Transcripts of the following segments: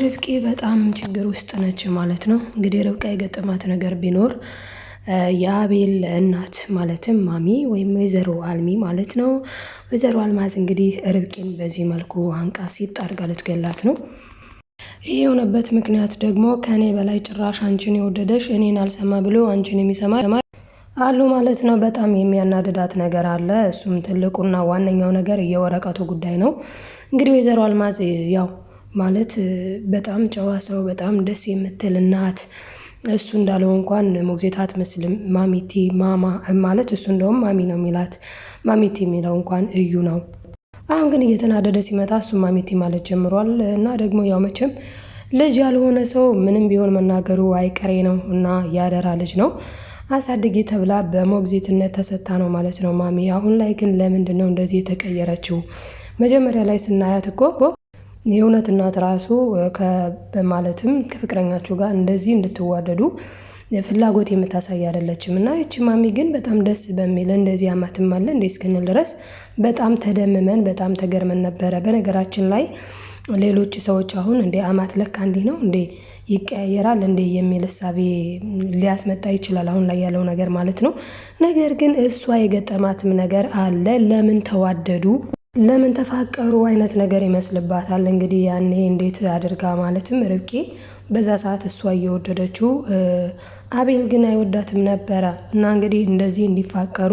ርብቃ በጣም ችግር ውስጥ ነች ማለት ነው። እንግዲህ ርብቃ የገጠማት ነገር ቢኖር የአቤል እናት ማለትም ማሚ ወይም ወይዘሮ አልሚ ማለት ነው። ወይዘሮ አልማዝ እንግዲህ ርብቃን በዚህ መልኩ አንቃ ሲጥ ልትገላት ነው። ይህ የሆነበት ምክንያት ደግሞ ከእኔ በላይ ጭራሽ አንቺን የወደደሽ እኔን አልሰማ ብሎ አንቺን የሚሰማ አሉ ማለት ነው። በጣም የሚያናድዳት ነገር አለ። እሱም ትልቁና ዋነኛው ነገር የወረቀቱ ጉዳይ ነው። እንግዲህ ወይዘሮ አልማዝ ያው ማለት በጣም ጨዋ ሰው፣ በጣም ደስ የምትል እናት እሱ እንዳለው እንኳን ሞግዚት አትመስልም። ማሚቲ ማማ ማለት እሱ እንደውም ማሚ ነው የሚላት። ማሚቲ የሚለው እንኳን እዩ ነው። አሁን ግን እየተናደደ ሲመጣ እሱ ማሚቲ ማለት ጀምሯል። እና ደግሞ ያው መቼም ልጅ ያልሆነ ሰው ምንም ቢሆን መናገሩ አይቀሬ ነው እና ያደራ ልጅ ነው አሳድጌ ተብላ በሞግዜትነት ተሰታ ነው ማለት ነው ማሚ። አሁን ላይ ግን ለምንድን ነው እንደዚህ የተቀየረችው? መጀመሪያ ላይ ስናያት እኮ የእውነት እናት ራሱ ማለትም ከፍቅረኛችሁ ጋር እንደዚህ እንድትዋደዱ ፍላጎት የምታሳይ አይደለችም። እና ይቺ ማሚ ግን በጣም ደስ በሚል እንደዚህ አማትም አለ እንደ እስክንል ድረስ በጣም ተደምመን በጣም ተገርመን ነበረ። በነገራችን ላይ ሌሎች ሰዎች አሁን እንዴ አማት ለካ እንዲህ ነው እንዴ ይቀያየራል እንዴ የሚል እሳቤ ሊያስመጣ ይችላል፣ አሁን ላይ ያለው ነገር ማለት ነው። ነገር ግን እሷ የገጠማትም ነገር አለ። ለምን ተዋደዱ ለምን ተፋቀሩ አይነት ነገር ይመስልባታል። እንግዲህ ያኔ እንዴት አድርጋ ማለትም ርብቄ በዛ ሰዓት እሷ እየወደደችው አቤል ግን አይወዳትም ነበረ እና እንግዲህ እንደዚህ እንዲፋቀሩ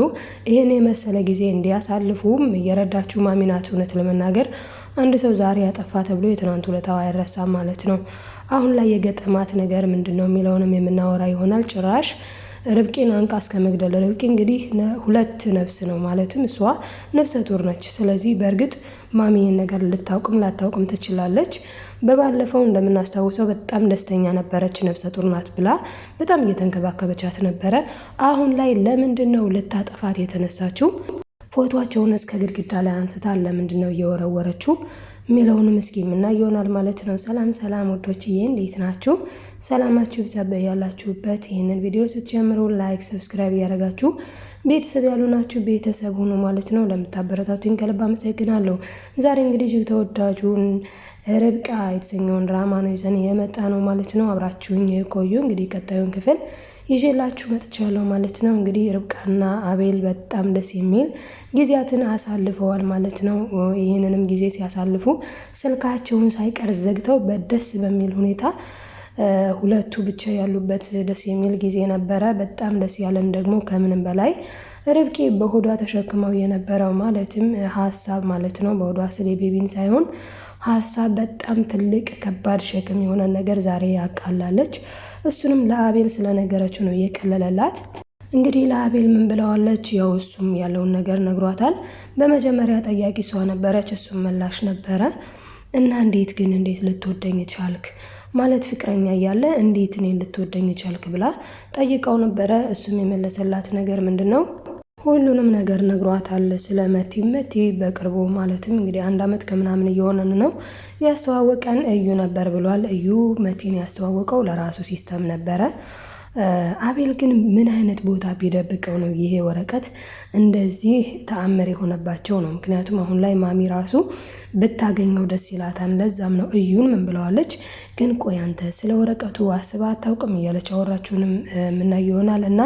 ይህን የመሰለ ጊዜ እንዲያሳልፉም እየረዳችው ማሚ ናት። እውነት ለመናገር አንድ ሰው ዛሬ ያጠፋ ተብሎ የትናንት ውለታው አይረሳም ማለት ነው። አሁን ላይ የገጠማት ነገር ምንድን ነው የሚለውንም የምናወራ ይሆናል ጭራሽ ርብቂን አንቃ እስከ መግደል። ርብቃ እንግዲህ ሁለት ነፍስ ነው ማለትም እሷ ነፍሰ ጡር ነች። ስለዚህ በእርግጥ ማሚ ነገር ልታውቅም ላታውቅም ትችላለች። በባለፈው እንደምናስታውሰው በጣም ደስተኛ ነበረች። ነፍሰ ጡር ናት ብላ በጣም እየተንከባከበቻት ነበረ። አሁን ላይ ለምንድን ነው ልታጠፋት የተነሳችው? ፎቶቸውን እስከ ግድግዳ ላይ አንስታ ለምንድን ነው እየወረወረችው? የሚለውንም እስኪ ምና ይሆናል ማለት ነው። ሰላም ሰላም ወዶችዬ፣ እንዴት ናችሁ? ሰላማችሁ ብዛ ያላችሁበት። ይህንን ቪዲዮ ስትጀምሩ ላይክ፣ ሰብስክራይብ እያደረጋችሁ ቤተሰብ ያሉናችሁ ቤተሰብ ሁኑ ማለት ነው። ለምታበረታቱኝ ከልብ አመሰግናለሁ። ዛሬ እንግዲህ እጅግ ተወዳጁን ርብቃ የተሰኘውን ድራማ ነው ይዘን የመጣ ነው ማለት ነው። አብራችሁኝ ቆዩ እንግዲህ ቀጣዩን ክፍል ይዤላችሁ መጥቻለሁ ማለት ነው። እንግዲህ ርብቃና አቤል በጣም ደስ የሚል ጊዜያትን አሳልፈዋል ማለት ነው። ይህንንም ጊዜ ሲያሳልፉ ስልካቸውን ሳይቀር ዘግተው በደስ በሚል ሁኔታ ሁለቱ ብቻ ያሉበት ደስ የሚል ጊዜ ነበረ። በጣም ደስ ያለን ደግሞ ከምንም በላይ ርብቂ በሆዷ ተሸክመው የነበረው ማለትም ሀሳብ ማለት ነው። በሆዷ ስል የቤቢን ሳይሆን ሀሳብ በጣም ትልቅ ከባድ ሸክም የሆነ ነገር ዛሬ ያቃላለች። እሱንም ለአቤል ስለነገረችው ነው የቀለለላት። እንግዲህ ለአቤል ምን ብለዋለች? ያው እሱም ያለውን ነገር ነግሯታል። በመጀመሪያ ጠያቂ እሷ ነበረች፣ እሱም ምላሽ ነበረ እና እንዴት ግን እንዴት ልትወደኝ ቻልክ ማለት ፍቅረኛ እያለ እንዴት እኔን ልትወደኝ ቻልክ ብላ ጠይቀው ነበረ። እሱም የመለሰላት ነገር ምንድን ነው ሁሉንም ነገር ነግሯታል ስለ መቲ። መቲ በቅርቡ ማለትም እንግዲህ አንድ ዓመት ከምናምን እየሆነን ነው ያስተዋወቀን እዩ ነበር ብሏል። እዩ መቲን ያስተዋወቀው ለራሱ ሲስተም ነበረ። አቤል ግን ምን አይነት ቦታ ቢደብቀው ነው ይሄ ወረቀት እንደዚህ ተአምር የሆነባቸው ነው? ምክንያቱም አሁን ላይ ማሚ ራሱ ብታገኘው ደስ ይላታል። ለዛም ነው እዩን ምን ብለዋለች ግን ቆይ አንተ ስለ ወረቀቱ አስባ አታውቅም እያለች አወራችሁንም የምናየው ይሆናል እና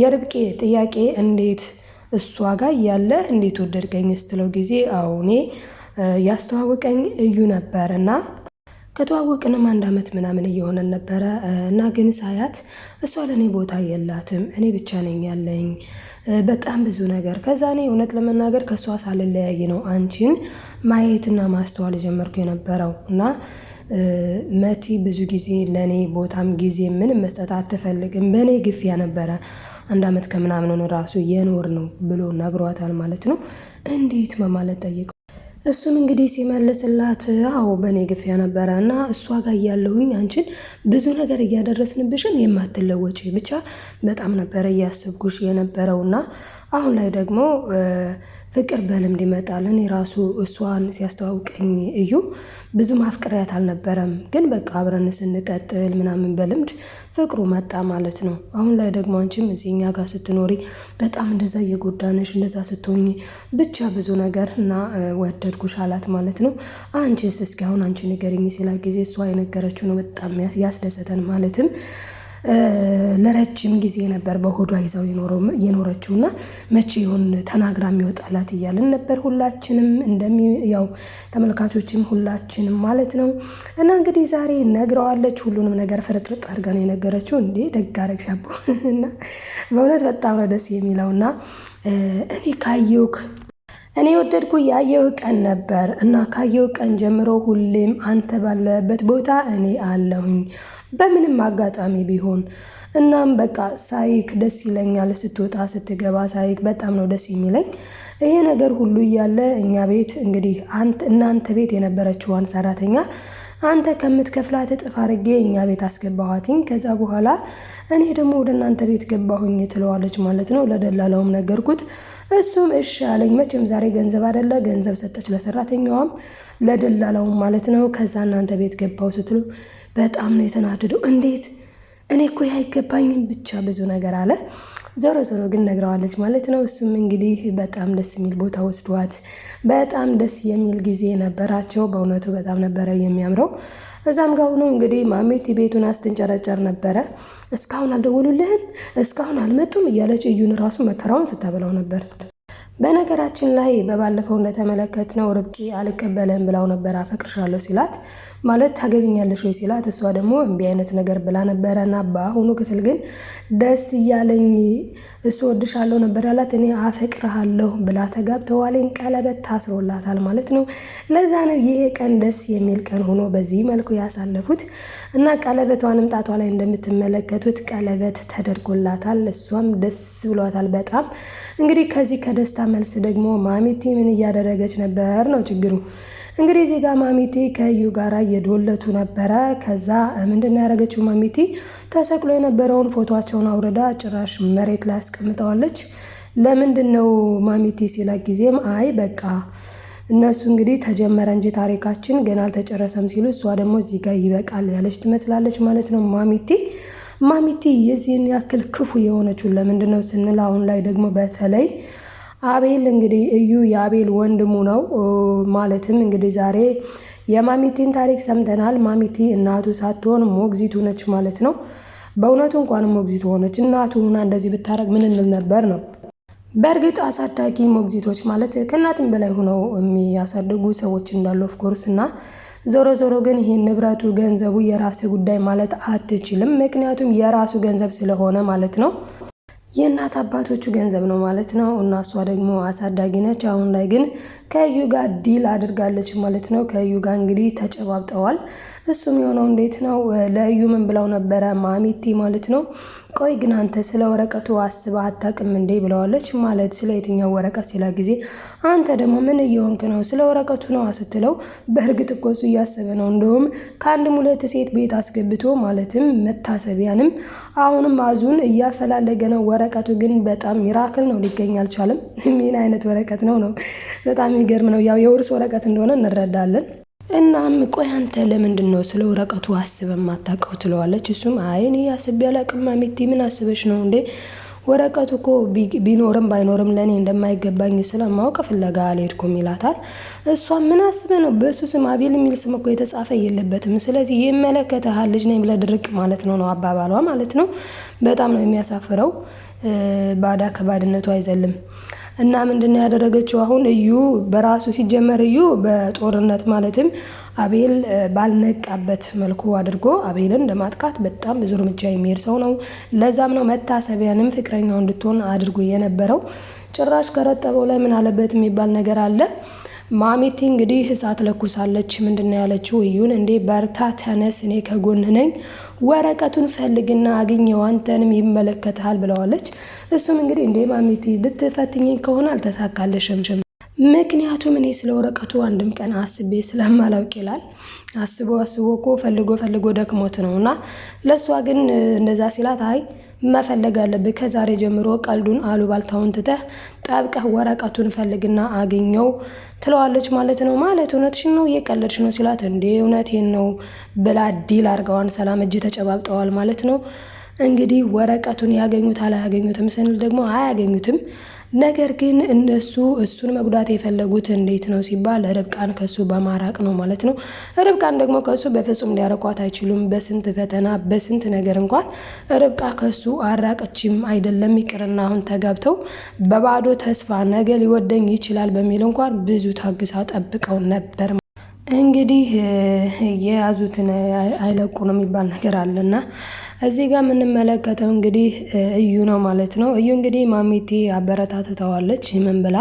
የርብቄ ጥያቄ እንዴት እሷ ጋር እያለ እንዴት ወደድቀኝ ስትለው ጊዜ አዎ እኔ ያስተዋወቀኝ እዩ ነበር እና ከተዋወቅንም አንድ ዓመት ምናምን እየሆነን ነበረ እና ግን ሳያት እሷ ለእኔ ቦታ የላትም፣ እኔ ብቻ ነኝ ያለኝ በጣም ብዙ ነገር። ከዛ እኔ እውነት ለመናገር ከእሷ ሳልለያይ ነው አንቺን ማየትና ማስተዋል ጀመርኩ የነበረው እና መቲ ብዙ ጊዜ ለእኔ ቦታም ጊዜ ምን መስጠት አትፈልግም፣ በእኔ ግፊያ ነበረ አንድ ዓመት ከምናምን ራሱ የኖር ነው ብሎ ነግሯታል ማለት ነው። እንዴት በማለት ጠይቀው እሱም እንግዲህ ሲመልስላት አዎ በእኔ ግፊያ ነበረ እና እሷ ጋር እያለሁኝ አንቺን ብዙ ነገር እያደረስንብሽን የማትለወጪ ብቻ በጣም ነበረ እያስብኩሽ እና አሁን ላይ ደግሞ ፍቅር በልምድ ይመጣል። እኔ ራሱ እሷን ሲያስተዋውቀኝ እዩ ብዙ ማፍቅሪያት አልነበረም፣ ግን በቃ አብረን ስንቀጥል ምናምን በልምድ ፍቅሩ መጣ ማለት ነው። አሁን ላይ ደግሞ አንቺም እዚህ እኛ ጋር ስትኖሪ በጣም እንደዛ እየጎዳነሽ እንደዛ ስትሆኝ ብቻ ብዙ ነገር እና ወደድኩሽ አላት ማለት ነው። አንቺስ እስኪ አሁን አንቺ ንገሪኝ ሲላ ጊዜ እሷ የነገረችው ነው በጣም ያስደሰተን ማለትም ለረጅም ጊዜ ነበር በሆዷ ይዛው የኖረችው እና መቼ ይሆን ተናግራ የሚወጣላት እያልን ነበር ሁላችንም እንደሚ ያው ተመልካቾችም ሁላችንም ማለት ነው። እና እንግዲህ ዛሬ ነግረዋለች። ሁሉንም ነገር ፍርጥርጥ አድርጋ ነው የነገረችው። እንዴ ደግ አደረግሽ አቦ እና በእውነት በጣም ነው ደስ የሚለው እና እኔ ካየውክ እኔ ወደድኩ ያየው ቀን ነበር እና ካየው ቀን ጀምሮ ሁሌም አንተ ባለበት ቦታ እኔ አለሁኝ በምንም አጋጣሚ ቢሆን። እናም በቃ ሳይክ ደስ ይለኛል፣ ስትወጣ ስትገባ ሳይክ በጣም ነው ደስ የሚለኝ። ይሄ ነገር ሁሉ እያለ እኛ ቤት እንግዲህ እናንተ ቤት የነበረችዋን ሰራተኛ አንተ ከምትከፍላት እጥፍ አድርጌ እኛ ቤት አስገባኋትኝ። ከዛ በኋላ እኔ ደግሞ ወደ እናንተ ቤት ገባሁኝ ትለዋለች ማለት ነው። ለደላላውም ነገርኩት። እሱም እሺ አለኝ። መቼም ዛሬ ገንዘብ አደለ ገንዘብ ሰጠች ለሰራተኛዋም ለደላላውም ማለት ነው። ከዛ እናንተ ቤት ገባው ስትሉ በጣም ነው የተናደደው። እንዴት እኔ እኮ አይገባኝም ብቻ ብዙ ነገር አለ። ዞሮ ዞሮ ግን ነግረዋለች ማለት ነው። እሱም እንግዲህ በጣም ደስ የሚል ቦታ ወስዷት በጣም ደስ የሚል ጊዜ ነበራቸው። በእውነቱ በጣም ነበረ የሚያምረው። እዛም ጋር ሆኖ እንግዲህ ማሜቲ ቤቱን አስትንጨረጨር ነበረ። እስካሁን አልደወሉልህም፣ እስካሁን አልመጡም እያለች እዩን ራሱ መከራውን ስታበላው ነበር። በነገራችን ላይ በባለፈው እንደተመለከትነው ርብቂ አልቀበለም ብላው ነበር አፈቅርሻለሁ ሲላት ማለት ታገቢኛለሽ ወይ ሲላት እሷ ደግሞ እምቢ አይነት ነገር ብላ ነበረ እና በአሁኑ ክፍል ግን ደስ እያለኝ እሱ ወድሻለሁ ነበር ያላት እኔ አፈቅርሃለሁ ብላ ተጋብተዋለኝ። ቀለበት ታስሮላታል ማለት ነው። ለዛ ነው ይሄ ቀን ደስ የሚል ቀን ሆኖ በዚህ መልኩ ያሳለፉት እና ቀለበቷንም ጣቷ ላይ እንደምትመለከቱት ቀለበት ተደርጎላታል። እሷም ደስ ብሏታል በጣም እንግዲህ ከዚህ ከደስታ መልስ ደግሞ ማሚቲ ምን እያደረገች ነበር ነው ችግሩ። እንግዲህ እዚህ ጋር ማሚቴ ከዩ ጋራ እየዶለቱ ነበረ። ከዛ ምንድን ነው ያደረገችው? ማሚቴ ተሰቅሎ የነበረውን ፎቶቸውን አውርዳ ጭራሽ መሬት ላይ አስቀምጠዋለች። ለምንድን ነው ማሚቴ ሲላ ጊዜም አይ በቃ እነሱ እንግዲህ ተጀመረ እንጂ ታሪካችን ገና አልተጨረሰም ሲሉ እሷ ደግሞ እዚህ ጋር ይበቃል ያለች ትመስላለች ማለት ነው። ማሚቲ ማሚቲ የዚህን ያክል ክፉ የሆነችው ለምንድን ነው ስንል አሁን ላይ ደግሞ በተለይ አቤል እንግዲህ እዩ የአቤል ወንድሙ ነው። ማለትም እንግዲህ ዛሬ የማሚቲን ታሪክ ሰምተናል። ማሚቲ እናቱ ሳትሆን ሞግዚቱ ነች ማለት ነው። በእውነቱ እንኳን ሞግዚቱ ሆነች። እናቱ ሁና እንደዚህ ብታረግ ምን እንል ነበር ነው። በእርግጥ አሳዳጊ ሞግዚቶች ማለት ከእናትም በላይ ሆነው የሚያሳድጉ ሰዎች እንዳሉ ኦፍኮርስ እና ዞሮ ዞሮ ግን ይሄን ንብረቱ ገንዘቡ የራስ ጉዳይ ማለት አትችልም። ምክንያቱም የራሱ ገንዘብ ስለሆነ ማለት ነው። የእናት አባቶቹ ገንዘብ ነው ማለት ነው። እና እሷ ደግሞ አሳዳጊ ነች። አሁን ላይ ግን ከዩ ጋር ዲል አድርጋለች ማለት ነው። ከዩ ጋር እንግዲህ ተጨባብጠዋል። እሱም የሆነው እንዴት ነው ለዩ ምን ብለው ነበረ ማሚቲ ማለት ነው ቆይ ግን አንተ ስለ ወረቀቱ አስበህ አታውቅም እንዴ? ብለዋለች። ማለት ስለ የትኛው ወረቀት ሲላ ጊዜ አንተ ደግሞ ምን እየሆንክ ነው? ስለ ወረቀቱ ነዋ ስትለው በእርግጥ እኮ እሱ እያሰበ ነው። እንደውም ከአንድም ሁለት ሴት ቤት አስገብቶ ማለትም መታሰቢያንም አሁንም አዙን እያፈላለገ ነው። ወረቀቱ ግን በጣም ሚራክል ነው፣ ሊገኝ አልቻለም። ምን አይነት ወረቀት ነው ነው? በጣም ይገርም ነው። ያው የውርስ ወረቀት እንደሆነ እንረዳለን። እናም ቆይ አንተ ለምንድን ነው ስለ ወረቀቱ አስበ ማታውቀው ትለዋለች። እሱም አይ እኔ አስቤ አላቅም ሚቲ፣ ምን አስበሽ ነው እንዴ? ወረቀቱ እኮ ቢኖርም ባይኖርም ለእኔ እንደማይገባኝ ስለማውቅ ፍለጋ አልሄድኩም ይላታል። እሷ ምን አስበ ነው? በእሱ ስም አቤል የሚል ስም እኮ የተጻፈ የለበትም። ስለዚህ ይመለከተሃል፣ ልጅ ነኝ ብለህ ድርቅ ማለት ነው ነው አባባሏ ማለት ነው። በጣም ነው የሚያሳፍረው። ባዳ ከባድነቱ አይዘልም። እና ምንድነው ያደረገችው አሁን እዩ በራሱ ሲጀመር እዩ በጦርነት ማለትም አቤል ባልነቃበት መልኩ አድርጎ አቤልን ለማጥቃት በጣም ብዙ እርምጃ የሚሄድ ሰው ነው። ለዛም ነው መታሰቢያንም ፍቅረኛው እንድትሆን አድርጎ የነበረው። ጭራሽ ከረጠበው ላይ ምን አለበት የሚባል ነገር አለ። ማሚቲ እንግዲህ እሳት ለኩሳለች። ምንድን ነው ያለችው? እዩን እንዴ በርታ፣ ተነስ፣ እኔ ከጎን ነኝ፣ ወረቀቱን ፈልግና አግኘው፣ አንተንም ይመለከታል ብለዋለች። እሱም እንግዲህ እንዴ ማሚቲ ልትፈትኝኝ ከሆነ አልተሳካለሽም ምክንያቱም እኔ ስለ ወረቀቱ አንድም ቀን አስቤ ስለማላውቅ ይላል። አስቦ አስቦ እኮ ፈልጎ ፈልጎ ደክሞት ነው እና ለእሷ ግን እንደዛ ሲላት አይ መፈለግ አለብህ። ከዛሬ ጀምሮ ቀልዱን አሉባልታውን ትተህ ጠብቀህ ወረቀቱን ፈልግና አግኘው ትለዋለች ማለት ነው። ማለት እውነትሽን ነው እየቀለድሽ ነው ሲላት፣ እንዴ እውነቴን ነው ብላ ዲል አድርገዋን ሰላም እጅ ተጨባብጠዋል ማለት ነው። እንግዲህ ወረቀቱን ያገኙት አላያገኙትም ስንል ደግሞ አያገኙትም። ነገር ግን እነሱ እሱን መጉዳት የፈለጉት እንዴት ነው ሲባል ርብቃን ከሱ በማራቅ ነው ማለት ነው። ርብቃን ደግሞ ከሱ በፍጹም ሊያረቋት አይችሉም። በስንት ፈተና በስንት ነገር እንኳን ርብቃ ከሱ አራቀችም አይደለም ይቅርና አሁን ተጋብተው በባዶ ተስፋ ነገ ሊወደኝ ይችላል በሚል እንኳን ብዙ ታግሳ ጠብቀው ነበር። እንግዲህ የያዙትን አይለቁ ነው የሚባል ነገር አለና እዚህ ጋር የምንመለከተው እንግዲህ እዩ ነው ማለት ነው። እዩ እንግዲህ ማሚቴ አበረታትተዋለች ምን ብላ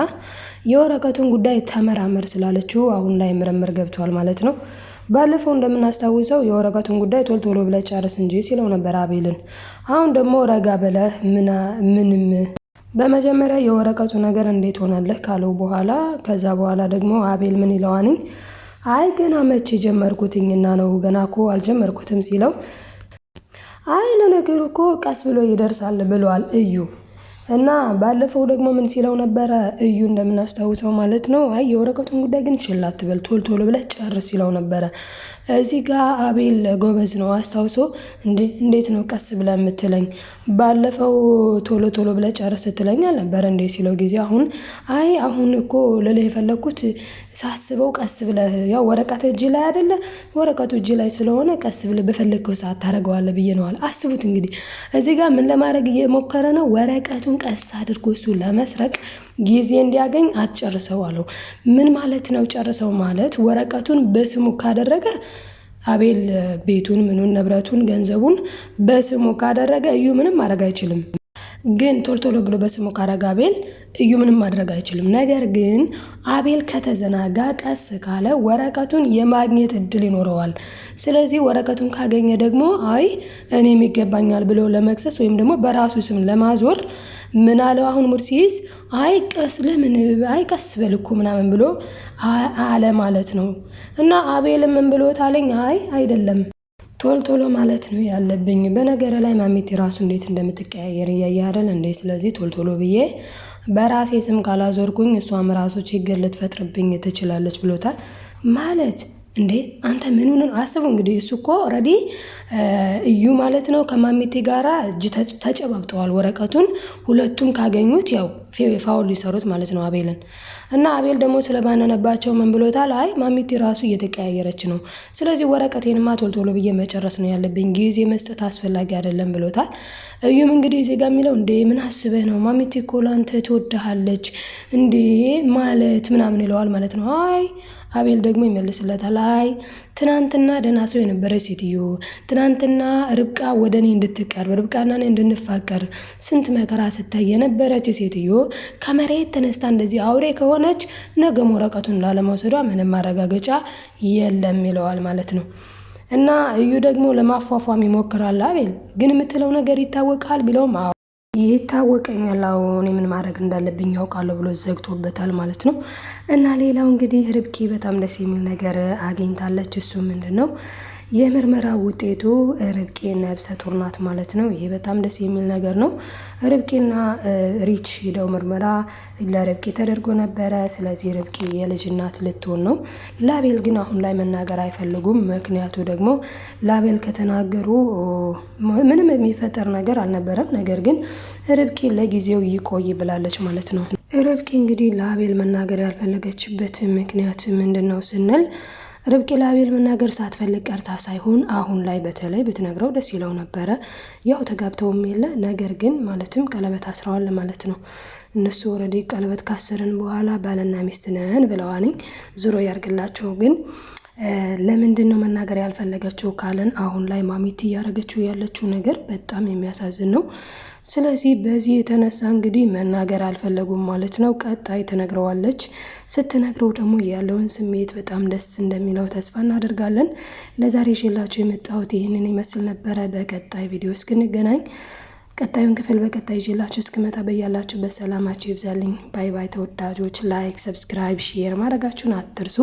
የወረቀቱን ጉዳይ ተመራመር ስላለችው አሁን ላይ ምርምር ገብተዋል ማለት ነው። ባለፈው እንደምናስታውሰው የወረቀቱን ጉዳይ ቶሎ ቶሎ ብለህ ጨርስ እንጂ ሲለው ነበር አቤልን። አሁን ደግሞ ረጋ ብለህ ምንም በመጀመሪያ የወረቀቱ ነገር እንዴት ሆነልህ ካለው በኋላ ከዛ በኋላ ደግሞ አቤል ምን ይለዋንኝ አይ ገና መቼ ጀመርኩትኝና ነው ገና እኮ አልጀመርኩትም ሲለው አይ ለነገሩ እኮ ቀስ ብሎ ይደርሳል ብሏል እዩ። እና ባለፈው ደግሞ ምን ሲለው ነበረ እዩ እንደምናስታውሰው ማለት ነው። አይ የወረቀቱን ጉዳይ ግን ችላ አትበል ቶሎ ቶሎ ብለህ ጨርስ ሲለው ነበረ። እዚህ ጋር አቤል ጎበዝ ነው አስታውሶ እንዴት ነው ቀስ ብለህ የምትለኝ ባለፈው ቶሎ ቶሎ ብለ ጨርስ ስትለኝ ነበር እንዴ ሲለው ጊዜ አሁን አይ አሁን እኮ ልልህ የፈለግኩት ሳስበው ቀስ ብለ ያው ወረቀት እጅ ላይ አይደለ ወረቀቱ እጅ ላይ ስለሆነ ቀስ ብለ በፈለግከው ሰዓት ታደርገዋለህ ብዬ ነዋል። አስቡት እንግዲህ እዚህ ጋር ምን ለማድረግ እየሞከረ ነው? ወረቀቱን ቀስ አድርጎ እሱ ለመስረቅ ጊዜ እንዲያገኝ አትጨርሰው አለው። ምን ማለት ነው? ጨርሰው ማለት ወረቀቱን በስሙ ካደረገ አቤል ቤቱን፣ ምኑን፣ ንብረቱን፣ ገንዘቡን በስሙ ካደረገ እዩ ምንም ማድረግ አይችልም። ግን ቶልቶሎ ብሎ በስሙ ካረገ አቤል እዩ ምንም ማድረግ አይችልም። ነገር ግን አቤል ከተዘናጋ ቀስ ካለ ወረቀቱን የማግኘት እድል ይኖረዋል። ስለዚህ ወረቀቱን ካገኘ ደግሞ አይ እኔም ይገባኛል ብሎ ለመክሰስ ወይም ደግሞ በራሱ ስም ለማዞር ምን አለው አሁን ሙድ ሲይዝ አይ ቀስ ለምን አይ ቀስ በል ምናምን ብሎ አለ ማለት ነው። እና አቤልም ምን ብሎት አለኝ አይ አይደለም ቶሎ ቶሎ ማለት ነው ያለብኝ። በነገር ላይ ማሚቴ ራሱ እንዴት እንደምትቀያየር እያየ አይደል እንዴ? ስለዚህ ቶሎ ቶሎ ብዬ በራሴ ስም ካላዞርኩኝ እሷም ራሱ ችግር ልትፈጥርብኝ ትችላለች ብሎታል ማለት እንዴ አንተ ምን ሆነን አስቡ እንግዲህ እሱ እኮ ኦልሬዲ እዩ ማለት ነው ከማሚቴ ጋራ እጅ ተጨባብጠዋል። ወረቀቱን ሁለቱም ካገኙት ያው ፋውል ሊሰሩት ማለት ነው አቤልን። እና አቤል ደግሞ ስለባነነባቸው ምን ብሎታል? አይ ማሚቲ ራሱ እየተቀያየረች ነው፣ ስለዚህ ወረቀቴንማ ቶሎ ቶሎ ብዬ መጨረስ ነው ያለብኝ፣ ጊዜ መስጠት አስፈላጊ አይደለም ብሎታል። እዩም እንግዲህ ዜጋ የሚለው እንዴ ምን አስበህ ነው? ማሚቲ እኮ ላንተ ትወድሃለች እንዴ ማለት ምናምን ይለዋል ማለት ነው። አይ አቤል ደግሞ ይመልስለታል አይ ትናንትና ደህና ሰው የነበረች ሴትዮ ትናንትና ርብቃ ወደ እኔ እንድትቀርብ ርብቃና እኔ እንድንፋቀር ስንት መከራ ስታይ የነበረች ሴትዮ ከመሬት ተነስታ እንደዚህ አውሬ ከሆነች ነገ ወረቀቱን ላለመውሰዷ ምንም ማረጋገጫ የለም ይለዋል ማለት ነው። እና እዩ ደግሞ ለማፏፏም ይሞክራል። አቤል ግን የምትለው ነገር ይታወቃል ቢለውም ይታወቀኛል አዎ እኔ ምን ማድረግ እንዳለብኝ ያውቃለሁ ብሎ ዘግቶበታል ማለት ነው። እና ሌላው እንግዲህ ርብቃ በጣም ደስ የሚል ነገር አግኝታለች እሱ ምንድነው? የምርመራ ውጤቱ ርብቃ ነብሰ ጡር ናት ማለት ነው። ይሄ በጣም ደስ የሚል ነገር ነው። ርብቄና ሪች ሂደው ምርመራ ለርብቄ ተደርጎ ነበረ። ስለዚህ ርብቄ የልጅ እናት ልትሆን ነው። ላቤል ግን አሁን ላይ መናገር አይፈልጉም። ምክንያቱ ደግሞ ላቤል ከተናገሩ ምንም የሚፈጠር ነገር አልነበረም። ነገር ግን ርብቄ ለጊዜው ይቆይ ብላለች ማለት ነው። ርብቃ እንግዲህ ለአቤል መናገር ያልፈለገችበት ምክንያት ምንድን ነው ስንል ርብቂ ለአቤል መናገር ሳትፈልግ ቀርታ ሳይሆን አሁን ላይ በተለይ ብትነግረው ደስ ይለው ነበረ። ያው ተጋብተውም የለ ነገር ግን ማለትም ቀለበት አስረዋል ማለት ነው። እነሱ ወረዴ ቀለበት ካሰርን በኋላ ባልና ሚስት ነን ብለዋንኝ ዙሮ ያርግላቸው ግን ለምንድን ነው መናገር ያልፈለገችው ካለን አሁን ላይ ማሚት እያደረገችው ያለችው ነገር በጣም የሚያሳዝን ነው። ስለዚህ በዚህ የተነሳ እንግዲህ መናገር አልፈለጉም ማለት ነው። ቀጣይ ትነግረዋለች። ስትነግረው ደግሞ ያለውን ስሜት በጣም ደስ እንደሚለው ተስፋ እናደርጋለን። ለዛሬ ይዤላችሁ የመጣሁት ይህንን ይመስል ነበረ። በቀጣይ ቪዲዮ እስክንገናኝ ቀጣዩን ክፍል በቀጣይ ይዤላችሁ እስክመጣ በያላችሁ በሰላማችሁ ይብዛልኝ። ባይ ባይ ተወዳጆች። ላይክ፣ ሰብስክራይብ፣ ሼር ማድረጋችሁን አትርሱ።